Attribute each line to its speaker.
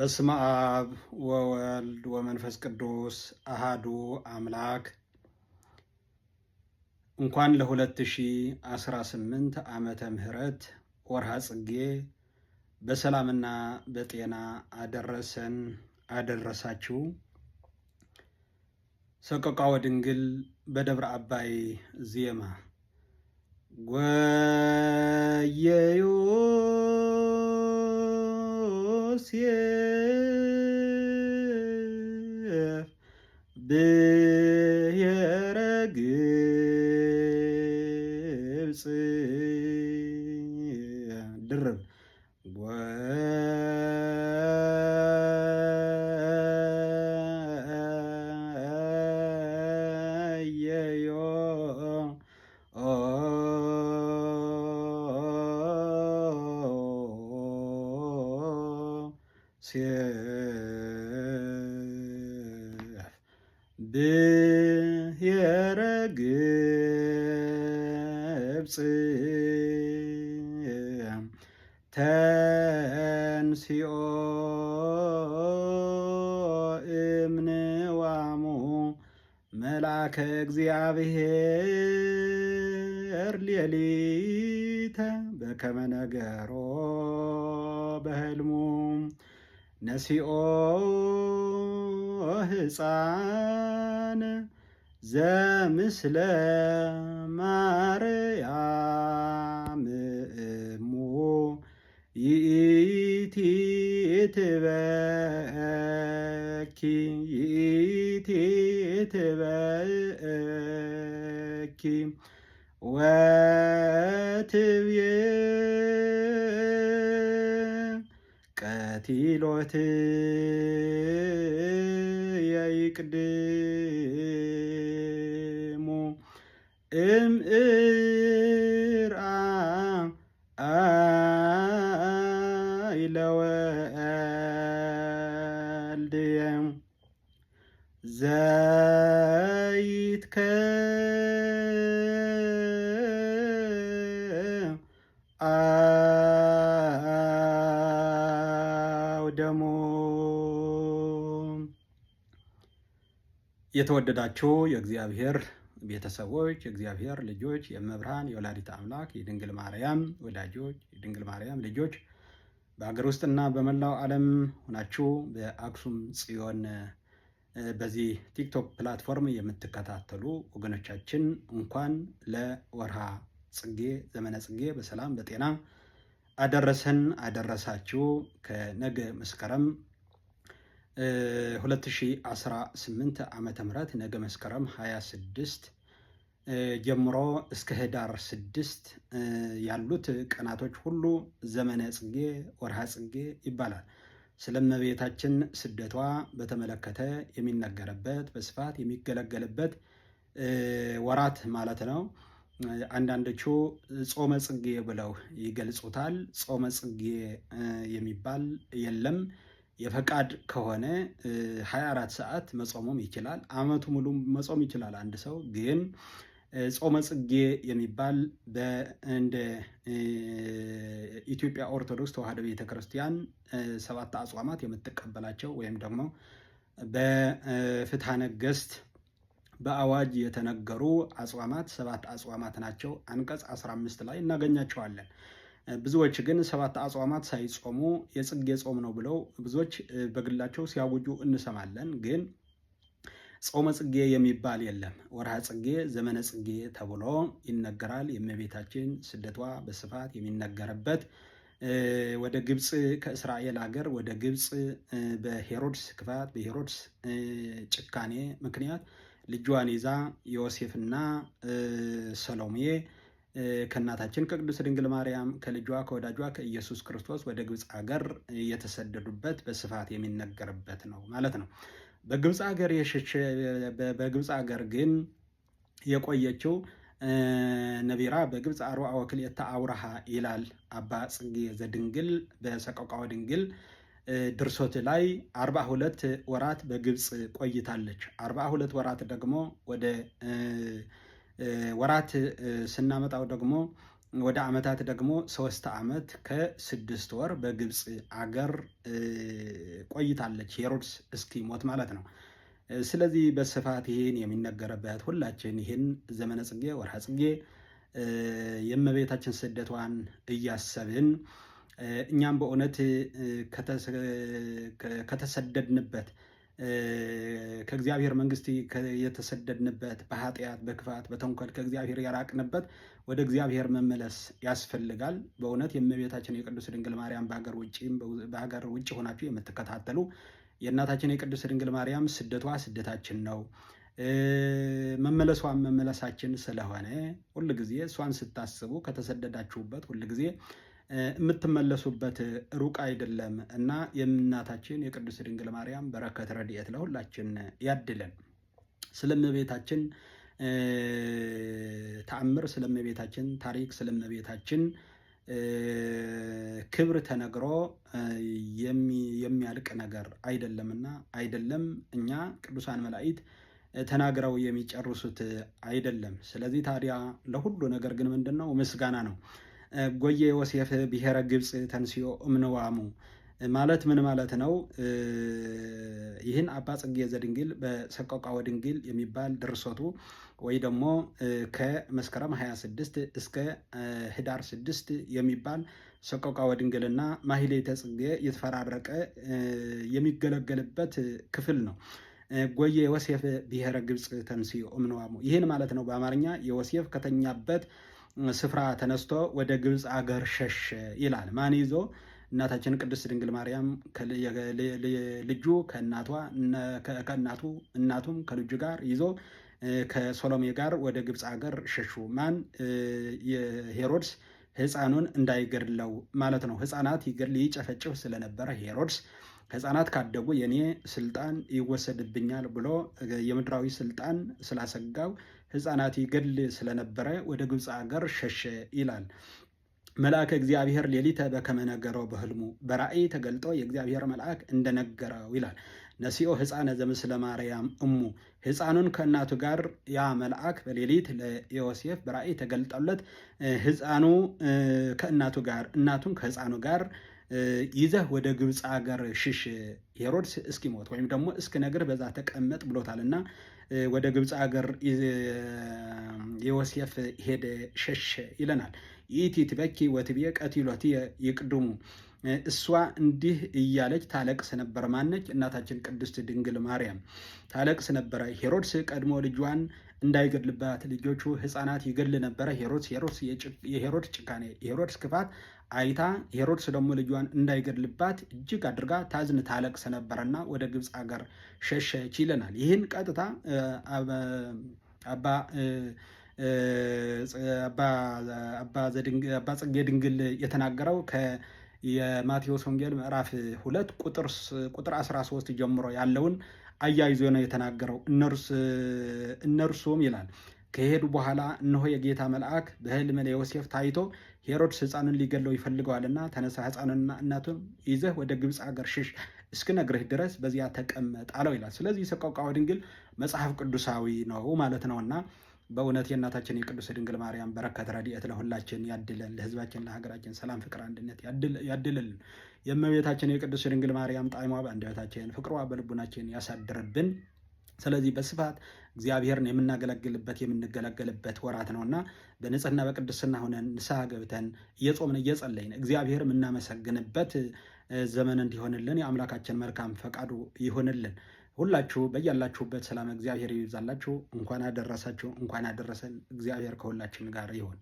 Speaker 1: በስመ አብ ወወልድ ወመንፈስ ቅዱስ አሃዱ አምላክ። እንኳን ለ2018 ዓመተ ምህረት ወርሃ ጽጌ በሰላምና በጤና አደረሰን አደረሳችሁ። ሰቆቃወ ድንግል በደብረ አባይ ዜማ ጎየዩ ብሔረ ግብፅ ድርብ Yeah. ብሔረ ግብፅ ተንሲኦ እምንዋሙ መልአከ እግዚአብሔር ሌሊተ በከመ ነገሮ በህልሙ ነሲኦ ሕፃን ዘምስለ ማርያም እሙ ይእቲ ትበኪ ይእቲ ትበኪ ወትብየ ወቲሎትየ ይቅድሙ እምዕራይ ለወልድየ ዘይትከ የተወደዳችሁ የእግዚአብሔር ቤተሰቦች የእግዚአብሔር ልጆች የመብርሃን የወላዲት አምላክ የድንግል ማርያም ወዳጆች የድንግል ማርያም ልጆች በሀገር ውስጥና በመላው ዓለም ሆናችሁ በአክሱም ጽዮን በዚህ ቲክቶክ ፕላትፎርም የምትከታተሉ ወገኖቻችን እንኳን ለወርሃ ጽጌ ዘመነ ጽጌ በሰላም በጤና አደረሰን አደረሳችሁ። ከነገ መስከረም 2018 ዓ ም ነገ መስከረም 26 ጀምሮ እስከ ህዳር 6 ያሉት ቀናቶች ሁሉ ዘመነ ጽጌ ወርሃ ጽጌ ይባላል። ስለ እመቤታችን ስደቷ በተመለከተ የሚነገርበት በስፋት የሚገለገልበት ወራት ማለት ነው። አንዳንዶቹ ጾመ ጽጌ ብለው ይገልጹታል። ጾመ ጽጌ የሚባል የለም። የፈቃድ ከሆነ 24 ሰዓት መጾሙም ይችላል። አመቱ ሙሉ መጾም ይችላል። አንድ ሰው ግን ጾመ ጽጌ የሚባል እንደ ኢትዮጵያ ኦርቶዶክስ ተዋሕዶ ቤተክርስቲያን ሰባት አጽዋማት የምትቀበላቸው ወይም ደግሞ በፍትሐ ነገሥት በአዋጅ የተነገሩ አጽዋማት ሰባት አጽዋማት ናቸው። አንቀጽ 15 ላይ እናገኛቸዋለን። ብዙዎች ግን ሰባት አጽዋማት ሳይጾሙ የጽጌ ጾም ነው ብለው ብዙዎች በግላቸው ሲያውጁ እንሰማለን። ግን ጾመ ጽጌ የሚባል የለም። ወርሃ ጽጌ፣ ዘመነ ጽጌ ተብሎ ይነገራል። የእመቤታችን ስደቷ በስፋት የሚነገርበት ወደ ግብፅ ከእስራኤል ሀገር ወደ ግብፅ በሄሮድስ ክፋት በሄሮድስ ጭካኔ ምክንያት ልጇን ይዛ ዮሴፍና ሰሎሜ ከእናታችን ከቅዱስ ድንግል ማርያም ከልጇ ከወዳጇ ከኢየሱስ ክርስቶስ ወደ ግብፅ ሀገር የተሰደዱበት በስፋት የሚነገርበት ነው ማለት ነው። በግብፅ ሀገር በግብፅ ሀገር ግን የቆየችው ነቢራ በግብፅ አርዋ ወክልኤታ አውራሃ ይላል አባ ጽጌ ዘድንግል በሰቆቃወ ድንግል ድርሶት ላይ አርባ ሁለት ወራት በግብፅ ቆይታለች። አርባ ሁለት ወራት ደግሞ ወደ ወራት ስናመጣው ደግሞ ወደ ዓመታት ደግሞ ሶስት ዓመት ከስድስት ወር በግብፅ አገር ቆይታለች ሄሮድስ እስኪሞት ማለት ነው። ስለዚህ በስፋት ይህን የሚነገረበት ሁላችን ይህን ዘመነ ጽጌ ወርሃ ጽጌ የእመቤታችን ስደቷን እያሰብን እኛም በእውነት ከተሰደድንበት ከእግዚአብሔር መንግስት የተሰደድንበት በኃጢአት በክፋት በተንኮል ከእግዚአብሔር ያራቅንበት ወደ እግዚአብሔር መመለስ ያስፈልጋል። በእውነት የእመቤታችን የቅዱስ ድንግል ማርያም በሀገር ውጭም በሀገር ውጭ ሆናችሁ የምትከታተሉ የእናታችን የቅዱስ ድንግል ማርያም ስደቷ ስደታችን ነው፣ መመለሷን መመለሳችን ስለሆነ ሁልጊዜ እሷን ስታስቡ ከተሰደዳችሁበት ሁልጊዜ የምትመለሱበት ሩቅ አይደለም እና የእናታችን የቅዱስ ድንግል ማርያም በረከት ረድኤት ለሁላችን ያድለን። ስለእመቤታችን ተአምር፣ ስለእመቤታችን ታሪክ፣ ስለእመቤታችን ክብር ተነግሮ የሚያልቅ ነገር አይደለምና አይደለም እኛ ቅዱሳን መላእክት ተናግረው የሚጨርሱት አይደለም። ስለዚህ ታዲያ ለሁሉ ነገር ግን ምንድን ነው ምስጋና ነው። ጎየ ዮሴፍ ብሔረ ግብፅ ተንስዮ እምንዋሙ ማለት ምን ማለት ነው? ይህን አባ ጽጌ ዘድንግል በሰቆቃ ድንግል የሚባል ድርሰቱ ወይ ደግሞ ከመስከረም 26 እስከ ህዳር 6 የሚባል ሰቆቃ ወድንግልና ማህሌተ ጽጌ የተፈራረቀ የሚገለገልበት ክፍል ነው። ጎየ ዮሴፍ ብሔረ ግብፅ ተንስዮ እምንዋሙ ይህን ማለት ነው በአማርኛ ዮሴፍ ከተኛበት ስፍራ ተነስቶ ወደ ግብፅ አገር ሸሸ ይላል። ማን ይዞ? እናታችን ቅድስት ድንግል ማርያም ልጁ ከእናቷ ከእናቱ እናቱም ከልጁ ጋር ይዞ ከሶሎሜ ጋር ወደ ግብፅ አገር ሸሹ። ማን? ሄሮድስ ህፃኑን እንዳይገድለው ማለት ነው። ህፃናት ይገድል ይጨፈጭፍ ስለነበረ ሄሮድስ ህፃናት ካደጉ የኔ ስልጣን ይወሰድብኛል ብሎ የምድራዊ ስልጣን ስላሰጋው ሕፃናት ይገድል ስለነበረ ወደ ግብፅ አገር ሸሸ ይላል። መልአከ እግዚአብሔር ሌሊተ በከመነገረው በህልሙ በራእይ ተገልጦ የእግዚአብሔር መልአክ እንደነገረው ይላል። ነሲኦ ሕፃነ ዘምስለ ማርያም እሙ ሕፃኑን ከእናቱ ጋር ያ መልአክ በሌሊት ለዮሴፍ በራእይ ተገልጠለት ሕፃኑ ከእናቱ ጋር እናቱን ከሕፃኑ ጋር ይዘህ ወደ ግብፅ ሀገር ሽሽ ሄሮድስ እስኪሞት ወይም ደግሞ እስክነግርህ በዛ ተቀመጥ ብሎታል እና ወደ ግብፅ ሀገር ዮሴፍ ሄደ ሸሸ ይለናል። ይእቲ ትበኪ ወትቤ ቀትሎት ይቅድሙ እሷ እንዲህ እያለች ታለቅስ ነበር። ማነች? እናታችን ቅድስት ድንግል ማርያም ታለቅስ ነበረ። ሄሮድስ ቀድሞ ልጇን እንዳይገድልባት ልጆቹ ሕፃናት ይገድል ነበረ። ሄሮድስ ሄሮድስ የሄሮድስ ጭካኔ የሄሮድስ ክፋት አይታ ሄሮድስ ደግሞ ልጇን እንዳይገድልባት እጅግ አድርጋ ታዝን ታለቅስ ነበረና ወደ ግብፅ ሀገር ሸሸች ይለናል። ይህን ቀጥታ አባ አባ ጽጌ ድንግል የተናገረው የማቴዎስ ወንጌል ምዕራፍ ሁለት ቁጥር 13 ጀምሮ ያለውን አያይዞ ነው የተናገረው። እነርሱም ይላል ከሄዱ በኋላ እነሆ የጌታ መልአክ በሕልም ለዮሴፍ ታይቶ ሄሮድስ ሕፃኑን ሊገለው ይፈልገዋልና፣ ተነሳ ሕፃኑንና እናቱን ይዘህ ወደ ግብፅ አገር ሽሽ፣ እስክነግርህ ድረስ በዚያ ተቀመጥ አለው ይላል። ስለዚህ ሰቆቃወ ድንግል መጽሐፍ ቅዱሳዊ ነው ማለት ነውና በእውነት የእናታችን የቅዱስ ድንግል ማርያም በረከት ረድኤት ለሁላችን ያድለን። ለህዝባችን፣ ለሀገራችን ሰላም፣ ፍቅር፣ አንድነት ያድልልን። የእመቤታችን የቅዱስ ድንግል ማርያም ጣዕሟ በአንደበታችን ፍቅሯ በልቡናችን ያሳድርብን። ስለዚህ በስፋት እግዚአብሔርን የምናገለግልበት የምንገለገልበት ወራት ነውና በንጽህና በቅድስና ሆነን ንስሐ ገብተን እየጾምን እየጸለይን እግዚአብሔር የምናመሰግንበት ዘመን እንዲሆንልን የአምላካችን መልካም ፈቃዱ ይሆንልን። ሁላችሁ በያላችሁበት ሰላም እግዚአብሔር ይብዛላችሁ። እንኳን አደረሳችሁ፣ እንኳን አደረሰን። እግዚአብሔር ከሁላችን ጋር ይሁን።